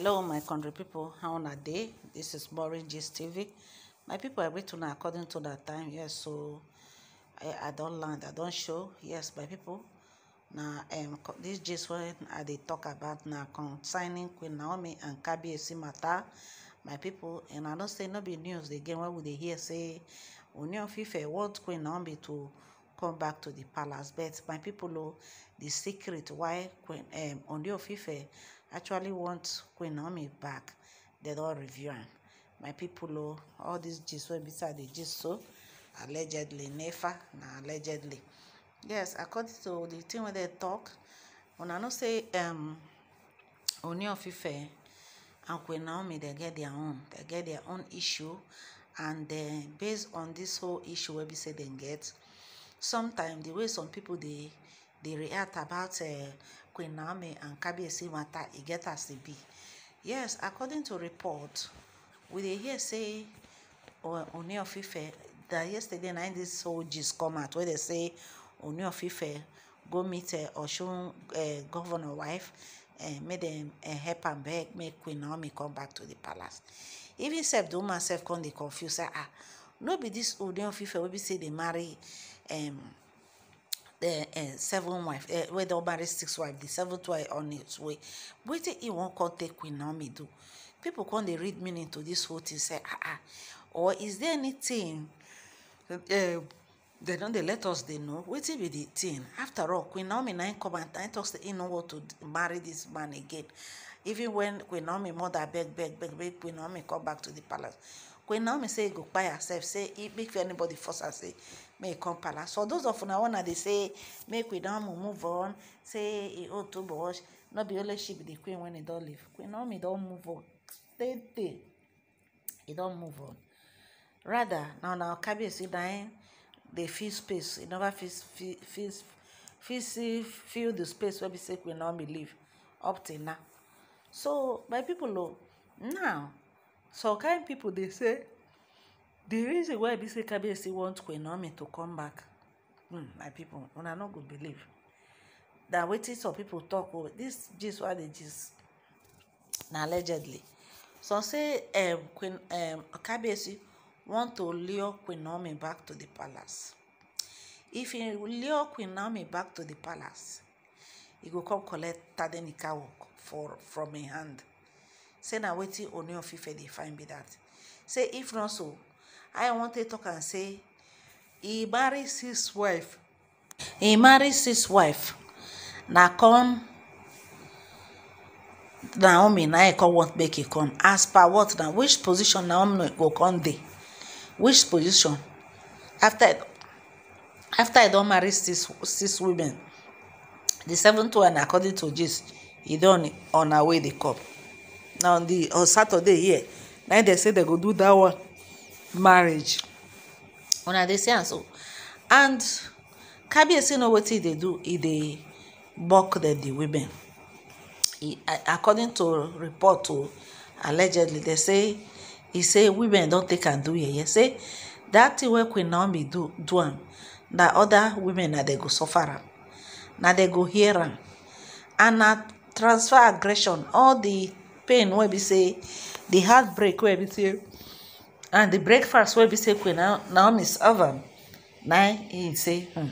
hello my country people. how una dey This is boring gist tv my people i greet una according to that time yes so i don land i don show yes my pipo na this gist wey i dey talk about na concerning queen naomi and kabiyesi matter, my people? and i know say no be news again wey we dey hear say union fife want queen naomi to come back to the palace but my people, o oh, the secret why queen um union fife actually want queen naomi back dem don review am my people. Oh, all these gist wey beside the gist so allegedly nefa na allegedly yes according to the thing tin they talk, when I know say um, only of ife and queen naomi they get their own they get their own issue and based on this whole issue wey be say dem get sometimes the way some people they they react about uh, Queen Naomi and Kabiyesi matter, e get as e be. Yes, according to report, we dey hear say Ooni of Ife that yesterday night, this soldiers come out where they say Ooni of Ife go meet uh, eh, Osun uh, eh, governor wife uh, make them uh, help and beg make Queen Naomi come back to the palace. Even sef the woman sef come confuse say ah no be this Ooni of Ife wey be say they marry um, the uh, eh, seven wife uh, wey don marry six wife the seventh wife on its way wetin e wan come take queen naomi do people come dey read meaning to this whole thing say ah ah or is there anything uh, eh, dem don dey let us they know wetin be the thing. after all queen naomi na come and im tok say im no to marry this man again even when queen naomi mother beg beg beg beg. queen naomi come back to the palace queen naomi say e go kpai herself say make anybody force her say may come palace for those of una una they say make we don't move on say e old too much Not be only she be the queen when e don't leave queen naomi don't move on tey tey e don't move on rather na una e, kabiyesi na im dey fill space e never fit fit fit see fill the space where we say queen naomi leave up till now so my people o oh, now so kind people they say The reason why be say kabiyesi want Kwenomi to come back hmm, my people una no go believe na wetin some people talk o oh, this gist wey they dey now allegedly so say um, Queen um, kabiyesi want to lure Kwenomi back to the palace if he lure Kwenomi back to the palace he will come collect tadenika work for from im hand say na wetin Ooni of Ife dey find be that say if not so i want to talk and say he marries his wife He marries his wife Now come naomi na e come want make e come as per what now? which position naomi go come there? which position after after I don't marry six six women the seventh one according to gist he don't on our way dey come na on saturday here now they say they go do that one marriage una dey see am so and kabiyesi know wetin e dey do e dey buck dem the women e according to report to oh, allegedly dey say e say women don take am do yeye say dat thing wey queen naomi do do am na oda women na dey go suffer am na dey go hear am and na transfer aggression all the pain wey be say the heartbreak wey be say and the breakfast will be say Now, now serve over. Now he say hmm,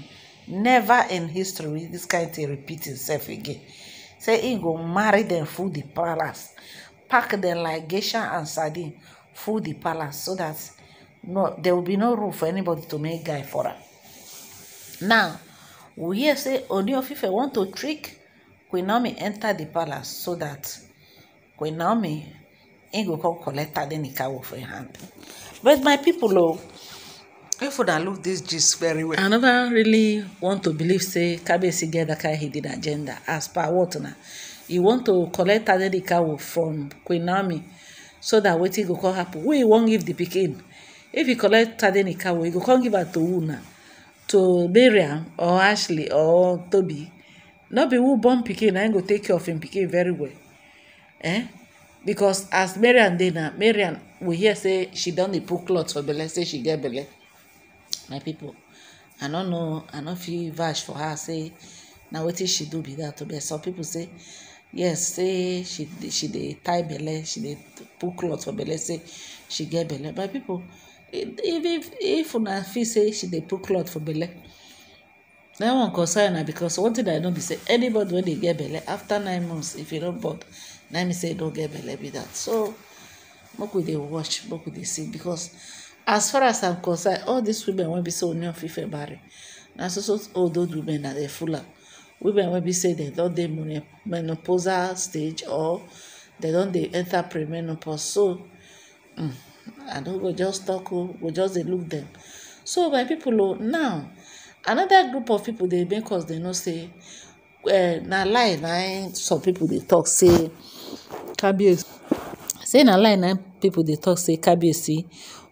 never in history this kind of repeat itself again say he go marry them full the palace pack them like geisha and sardine full the palace so that no there will be no room for anybody to make guy for her. now we hear say only if I want to trick queen naomi enter the palace so that queen naomi him go come collect am then he carry for your hand but my people o oh, if una look this gist very well. i never really want to believe say kabiyesi get that kind hidden agenda as per what na you want to collect adenikawo from queen naomi so that wetin go come happen wey e give the pikin if you collect adenikawo e go can't give am to who na to Miriam or ashley or Toby. no be who born pikin I im go take care of him pikin very well eh because as marian dey now marian we hear say she don dey put cloth for belle say she get belle my people i no know i no fit vouch for her say na wetin she do be that but some people say yes say she she dey tie belle she dey put cloth for belle say she get belle my people e, if if if una feel say she dey put cloth for belle that one concern na because one thing i know be say anybody wey dey get belle after nine months if you e no born na me say e don get belle be that so make we dey watch make we dey see because as far as i'm concerned all these women wey be say Ooni of Ife marry na so so old old women na dey full am women wey be say dem don dey menopausal stage or dem don dey enter premenopause so mm, i no go just talk o oh, go just dey look dem so my people o oh, now another group of people dey make us dey know say Eh, na lie na some people dey talk say kabiyesi say na lie na people dey talk say kabiyesi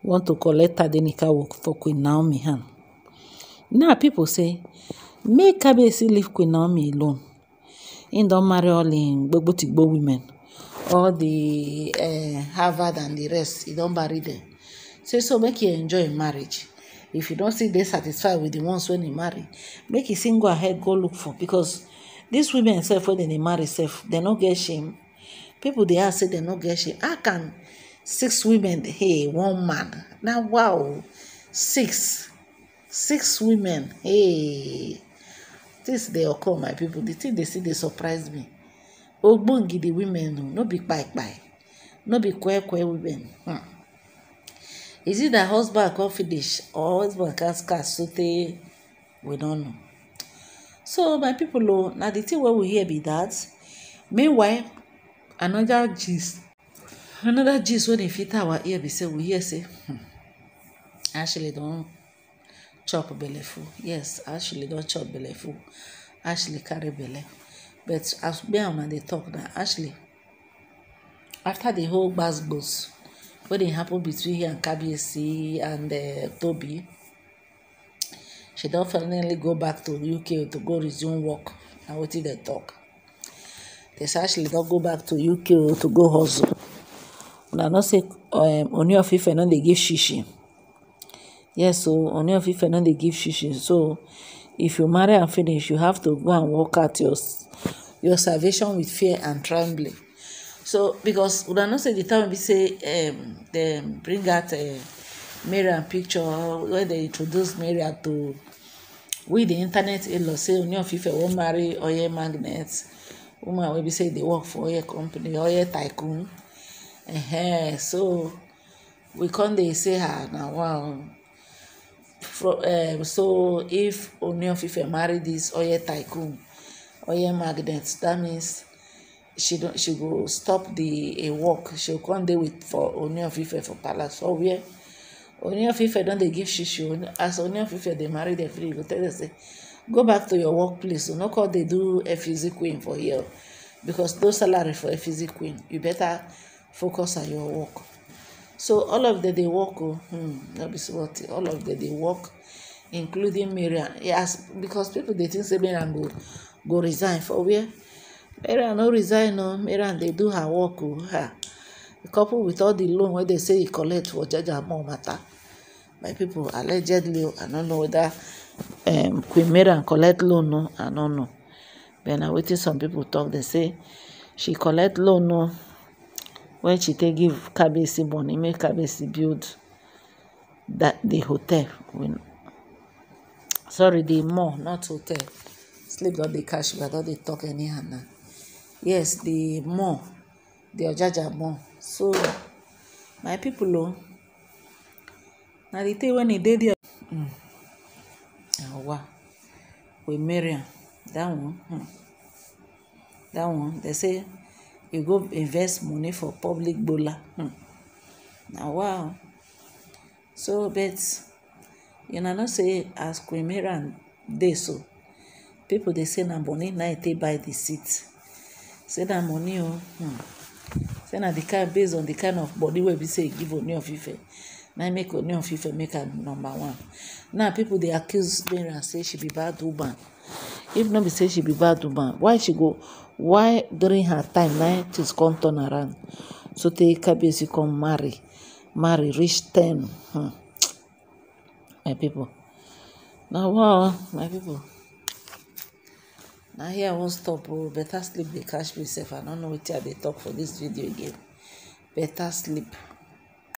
want to collect tadenika work for queen naomi hand now people say make kabiyesi leave queen naomi alone im don marry all im gbogbotigbo women all the uh, harvard and the rest e don marry dem say so make e enjoy im marriage if you don still dey satisfied with the ones wey you marry make e single ahead go look for because These women self when they marry self, they no get shame. People they are say they no get shame. How can six women hey one man? Now wow, six, six women hey. This they occur my people. The thing they see they surprise me. Oh, Ogbongi the women no big bike kpai, no be queer queer women. Hmm. Is it that husband can finish or husband can scarce so they we don't know. so my people, o na the thing wey we hear be that, meanwhile another gist another gist wey dey fit our ear be say we hear say hmm, ashley don chop belle full yes ashley don chop belle full ashley carry belle but as me and una dey talk na ashley after the whole gbas gbos wey dey happen between her and kabiyesi and eh, tobi she don finally go back to uk to go resume work na wetin dem talk dey say ashley don go back to uk to go hustle una know say um, oni of ife no dey give shishi yes o oni of ife no dey give shishi so if you marry am finish you have to go and work out your your salvation with fear and trembling so because una know say the time be say um dem bring out um, marian picture when dem introduce marian to With the internet law say Ooni of Ife marry oil magnate woman wey be say dey work for oil company oil tycoon uh-huh. so we come dey say her ah, na wow um, so if Ooni of marry this oil tycoon oil magnate that means she don she go stop the a work she go come dey with for Ooni of for palace for where Onion Fife don dey give shishi. As Onion Fife dey marry their friend. you go tell them say, go back to your workplace. no call dey do FZ e queen for here because no salary for FZ e queen. You better focus on your work. So all of them dey work. Oh, hmm, no be what all of them dey work, including Mariam. Yes, because people dey think say Mariam go go resign for where. Mariam no resign. No, oh, Mariam dey do her work. Oh, her couple with all the loan wey dey say e collect for jaja Mo matter my people allegedly i no know whether um, queen mariam collect loan no i no know but na wetin some people talk dey say she collect loan no when she take give kabesi money make kabesi build that the hotel when, sorry the mall not hotel sleep don dey catch me i don dey talk anyhow now yes the mall the ojaja mall So my people o na di thing wen e dey there um hmm, Hauwa ah, with Mariam that one um that one They say you go invest money for public gbola um hmm, Hauwa o so but una know say as Queen Mariam dey so people dey say na money na im e take buy the seat say na money o um say na the kind based on the kind of body wey be say e give oni of ife na make oni of ife make am number one now people dey accuse mariam say she be bad woman if no be say she be bad woman why she go why during her time na things come turn around so tey kabiyesi come marry marry reach ten hmm. my people na wow my people na here i wan stop o oh, better sleep dey catch me sef i no know wetin i dey talk for this video again better sleep